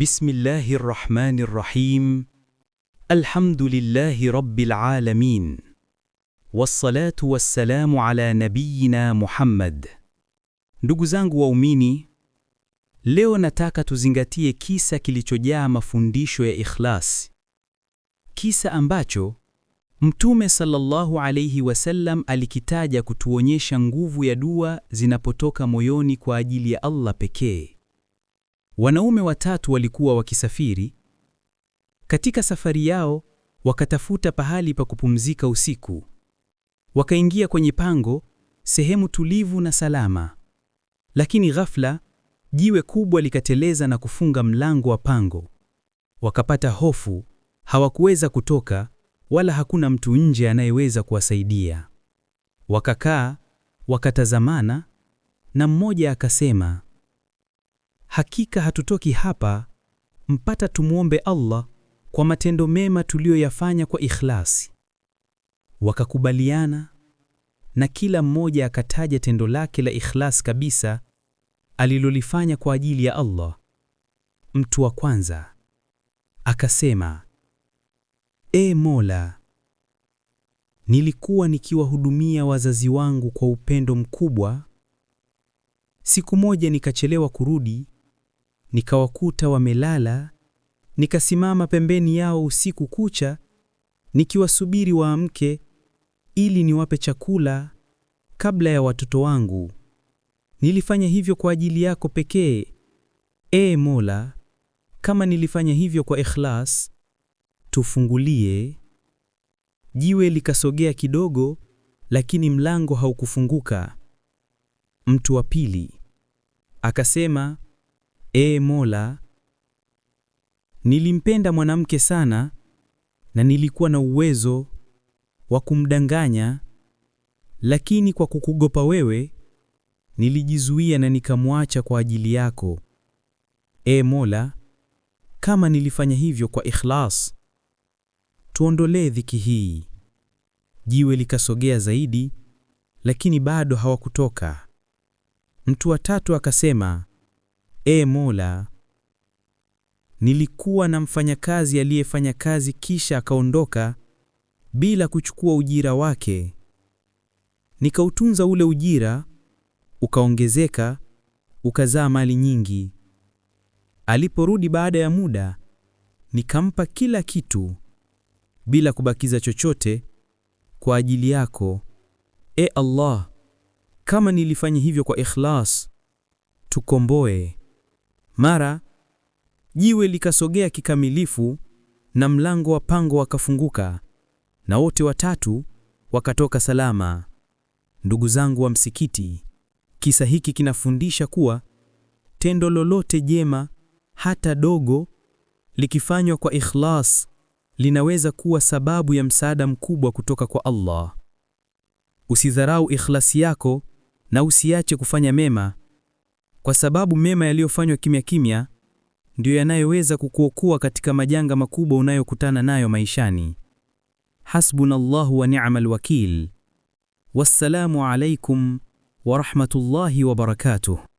بسم الله الرحمن الرحيم الحمد لله رب العالمين والصلاة والسلام على نبينا Muhammad. Ndugu zangu waumini, leo nataka tuzingatie kisa kilichojaa mafundisho ya ikhlas, kisa ambacho Mtume sallallahu alayhi wasallam alikitaja kutuonyesha nguvu ya dua zinapotoka moyoni kwa ajili ya Allah pekee. Wanaume watatu walikuwa wakisafiri. Katika safari yao wakatafuta pahali pa kupumzika usiku. Wakaingia kwenye pango, sehemu tulivu na salama. Lakini ghafla jiwe kubwa likateleza na kufunga mlango wa pango. Wakapata hofu, hawakuweza kutoka wala hakuna mtu nje anayeweza kuwasaidia. Wakakaa, wakatazamana na mmoja akasema, Hakika hatutoki hapa mpata tumwombe Allah kwa matendo mema tuliyoyafanya kwa ikhlasi. Wakakubaliana na kila mmoja akataja tendo lake la ikhlas kabisa alilolifanya kwa ajili ya Allah. Mtu wa kwanza akasema, E Mola, nilikuwa nikiwahudumia wazazi wangu kwa upendo mkubwa. Siku moja nikachelewa kurudi nikawakuta wamelala, nikasimama pembeni yao usiku kucha nikiwasubiri waamke ili niwape chakula kabla ya watoto wangu. Nilifanya hivyo kwa ajili yako pekee, Ee Mola, kama nilifanya hivyo kwa ikhlas, tufungulie. Jiwe likasogea kidogo, lakini mlango haukufunguka. Mtu wa pili akasema, Ee Mola, nilimpenda mwanamke sana na nilikuwa na uwezo wa kumdanganya, lakini kwa kukugopa wewe nilijizuia na nikamwacha kwa ajili yako. Ee Mola, kama nilifanya hivyo kwa ikhlas, tuondolee dhiki hii. Jiwe likasogea zaidi, lakini bado hawakutoka. Mtu wa tatu akasema E Mola, nilikuwa na mfanyakazi aliyefanya kazi kisha akaondoka bila kuchukua ujira wake. Nikautunza ule ujira, ukaongezeka, ukazaa mali nyingi. Aliporudi baada ya muda, nikampa kila kitu bila kubakiza chochote kwa ajili yako. E Allah, kama nilifanya hivyo kwa ikhlas, tukomboe. Mara jiwe likasogea kikamilifu na mlango wa pango wakafunguka na wote watatu wakatoka salama. Ndugu zangu wa msikiti, kisa hiki kinafundisha kuwa tendo lolote jema, hata dogo, likifanywa kwa ikhlas linaweza kuwa sababu ya msaada mkubwa kutoka kwa Allah. Usidharau ikhlasi yako na usiache kufanya mema kwa sababu mema yaliyofanywa kimya kimya ndiyo yanayoweza kukuokoa katika majanga makubwa unayokutana nayo maishani. Hasbunallahu wa ni'mal wakil. Wassalamu alaikum wa rahmatullahi wa barakatuh.